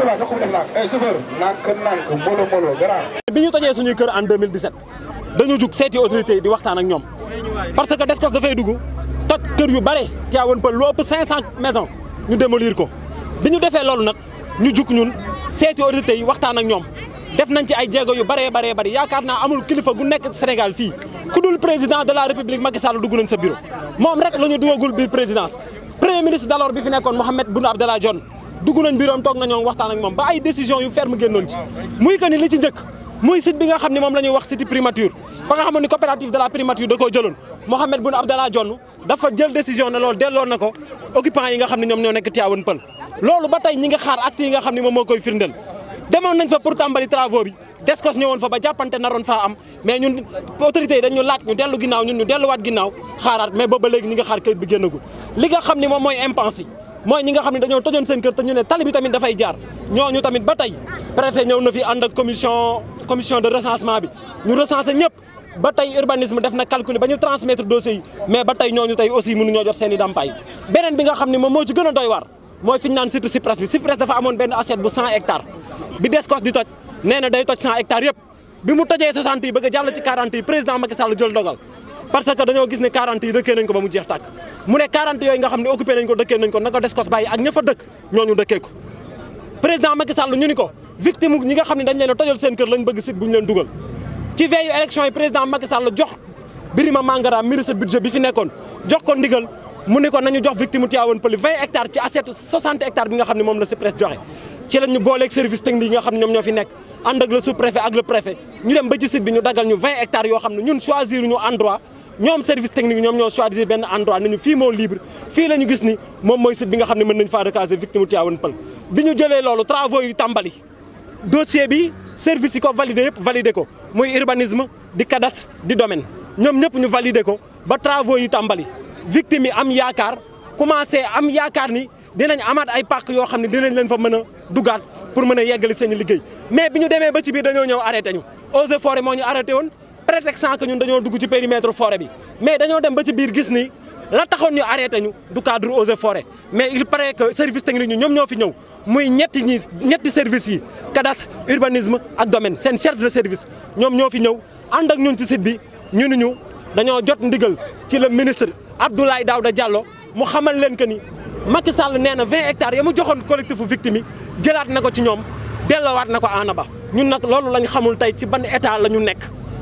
dëgg la jox ko def nak ay en di waxtaan ak ñoom parce que Descos dafay dugg toj kër yu bare 500 maisons ñu démolir ko bi ñu defee loolu nag ñu jug ñun seeti autorité yi waxtaan ak ñoom def nañ ci ay amul kilifa gu nekk Sénégal fii ku dul président de la République Macky Sall dugg nañ sa bureau moom rek la ñu dugagul biir présidence premier ministre d'alors bi fi nekkoon Mahammed Boun Abdallah Dionne dugg nañ biroom toog nañoo waxtaan ak moom ba ay décision yu ferme génnoon ci muy que ni li ci njëkk muy site bi nga xam ne moom la ñuy wax site primature fa nga xamoon ni coopérative de la primature da koo jëloon Mohamed Boun Abdallah Dionne dafa jël décision ne loolu delloo na ko occupant yi nga xam ne ñoom ñoo nekk Tivaouane Peulh loolu ba tey ñi nga xaar acte yi nga xam ne moom moo koy firndeel demoon nañ fa pour tàmbali travaux bi descos ñëwoon fa ba jàppante naroon faa am mais ñun autorités yi dañu laaj ñu dellu ginnaaw ñun ñu delluwaat nga xam ne moom mooy impense yi mooy ñi nga xam ne dañoo tojoon seen kër te ñu ne tali bi tamit dafay jaar ñooñu tamit ba tey préfet ñëw na fi ànd ak commission commission de recensement bi ñu recenser ñëpp ba tey urbanisme def na calcul ba ñu transmettre dossier yi mais ba tey ñooñu tey aussi mënuñoo jot seen dàmpaay beneen bi nga xam ne moom moo ci gën a doy waar mooy fi ñu naan surtout Sipres bi Sipres dafa amoon benn assiette bu 100 hectares bi DESCOS di toj nee na day toj a jàll ci 40 parce que dañoo gis ne 40 yi dëkkee nañ ko ba mu jeex tàkk mu ne 40 yooyu nga xam ne occupé nañ ko dëkkee nañ ko na ko des bàyyi ak ña fa dëkk ñooñu dëkkee ko président Macky Sall ñu ni ko victime ñi nga xam ne dañ leen a seen kër lañ bëgg sit bu ñu leen dugal ci veillu élection yi président Macky Sall jox Birima Mangara ministre budget bi fi nekkoon jox ko ndigal mu ni ko nañu jox victime Tivaouane Peulh 20 hectares ci ne moom la CEPRES joxe ci la ñu booleeg service technique yi nga xam ne ñoom ñoo fi nekk ànd ak le ñoom service technique ñoom ñoo choisir benn endroit nañu fii moo libre fii la ñu gis ni moom mooy site bi nga xam ne mën nañ faa recaser victime Tivaouane Peulh bi ñu jëlee loolu travaux yu tàmbali dossier bi service yi ko validé yëpp validé ko muy urbanisme di cadastre di domaine ñoom ñëpp ñu validé ko ba travaux yi tàmbali victime yi am yaakaar commencé am yaakaar ni dinañ amaat ay pàq yoo xam ne dinañ leen fa mën a dugaat pour mën a yeggali seen liggéey mais bi ñu demee ba ci biir dañoo ñëw arrêté ñu eaux moo ñu arrêté woon prétextant que ñun dañoo dugg ci périmètre forêt bi mais dañoo dem ba ci biir gis ni la taxone ñu arrêté ñu du cadre aux et forêt mais il paraît que service technique ñu ñoom ñoo muy ñetti ñi ñetti service yi cadastre urbanisme ak domaine sen chef de service ñom ñofi ñew and ak ñun ci site bi ñu ñu dañoo jot ndigal ci le ministre Abdoulaye Daouda Diallo mu xamal leen que ni Macky Sall nee 20 hectares ya joxone collectif victime yi jëlaat na ci ñom delloowaat nako Anaba ñun nak loolu lañ xamul tay ci ban état lañu nekk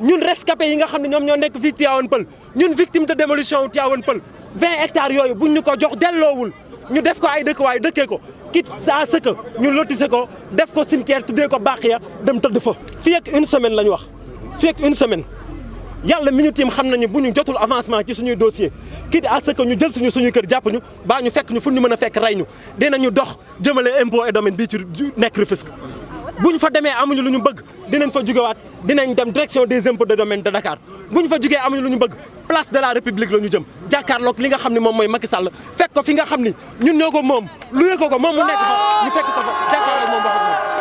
ñun rescapé yi nga xam ñom ñoom ñoo nekk fii Tivaouane peul ñun victime de démolition wu Tivaouane Peulh vingt hectares yoyu buñ ñu ko jox delowul ñu def ko ay dekk dëkkuwaay dëkkee ko kit à ce que ñu lotissé ko def ko cimetière tuddee ko baqiya dem tëdd fa. fii ak une semaine lañ wax fi ak une semaine yalla mi ñu tiim xam nañu bu jotul avancement ci suñu dossier kit à ce que ñu jël suñu suñu kër jàpp ñu baa ñu fekk ñu fuñu mëna fekk rey ñu dinañu dox jëmele impôt et domaine bi ci nek Rufisque bu ñu fa demee amuñu lu ñu bëgg dinañ fa jugewaat dinañ dem direction des impôts de domaine de Dakar bu fa jugee amuñu lu ñu bëgg place de la République la ñu jëm jàkkaarloog li nga xam ne moom mooy Macky Sall fekk ko fi nga xam ni ñu ñoo ko moom lu ko ko moom mu nekk fa ñu fekk ko fa jàkkaarloog moom wax ak